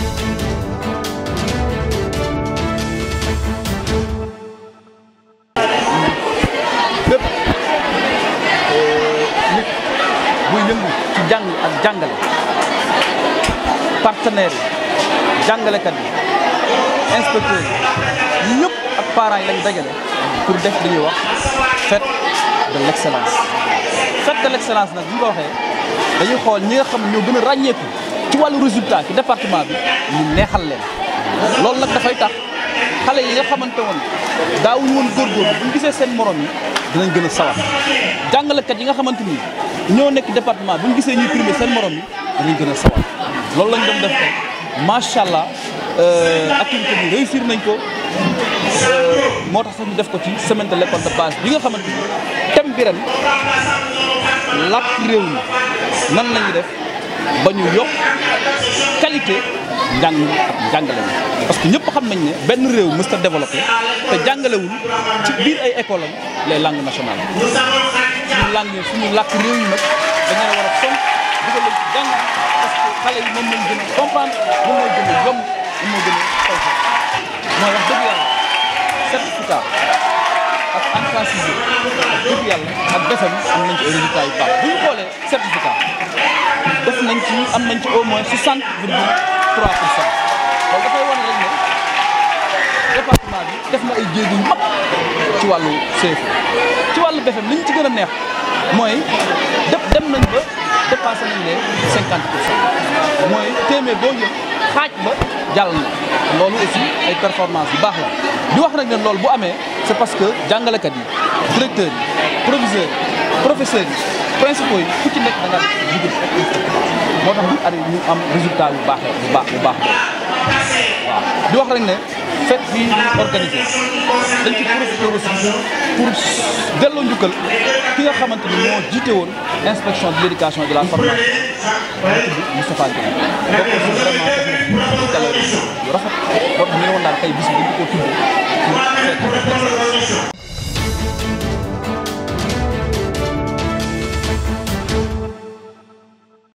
fépp euh, nit yëngu ci jàng ak jàngale partenaires yi jàngalekat yi inspecteurs yi ñëpp ak parents yi dajale pour def li ñuy wax fête de l' excellence fête de excellence nag bu ñu ko waxee dañuy xool ñi nga xam ne ñoo gën a ràññeeku ci wàllu résultat ki département bi ñu neexal leen loolu nag dafay tax xale yi nga xamante woon daawul woon góorgóorlu bu ñu gisee seen morom yi dinañ gën a sawar jàngalekat yi nga xamante ni ñoo nekk département bu ñu gisee ñuy primé seen morom yi dinañ gën a sawar loolu lañ dem def ko macha allah euh, activité bi réussir nañ ko moo tax sax ñu def ko ci semaine de l'école de base bi nga xamante ni thème biram ren làkk réew mi nan la def. ba ñu yokk qualité njàng ak jàngale mi parce que ñëpp xam nañ ne benn réew mësta développé te jàngalewul ci biir ay école am les langues nationales suñu langue yi suñu làkk réew yi nag dañu war a fonk dugal jàng parce xale yi moom lañ gën a comprendre moom wax dëgg yàlla certificat ak en sixième wax dëgg ak defam am nañ ci ay yu baax bu xoolee certificat def nañ ci am nañ ci au moins 60 virgule 3 pour cent loolu dafay wane rek bi def na ay jéego yu mag ci wàllu CFEE ci wàllu BFEM li ñu ci gën a neex mooy def dem nañ ba dépassé nañ leen mooy téeméer boo jël xaaj ba jàll na loolu aussi ay performance yu baax la di wax nag ne loolu bu amee c'est parce que jàngalekat yi directeurs yi proviseurs professeurs yi principaux yi ku ci nekk da nga jigéen ak moo tax ñu arrivé ñu am résultat bu baaxee bu baax bu baax waaw di wax rek ne fête bi organisé dañ ci profité aussi pour delloo njukkal ki nga xamante ni moo jiite woon inspection de l'éducation de la formation moo tudd Moustapha Diagne donc aussi vraiment def na galerie yu rafet donc ñu ne woon daal tey bis bi dañ ko tudd pour fête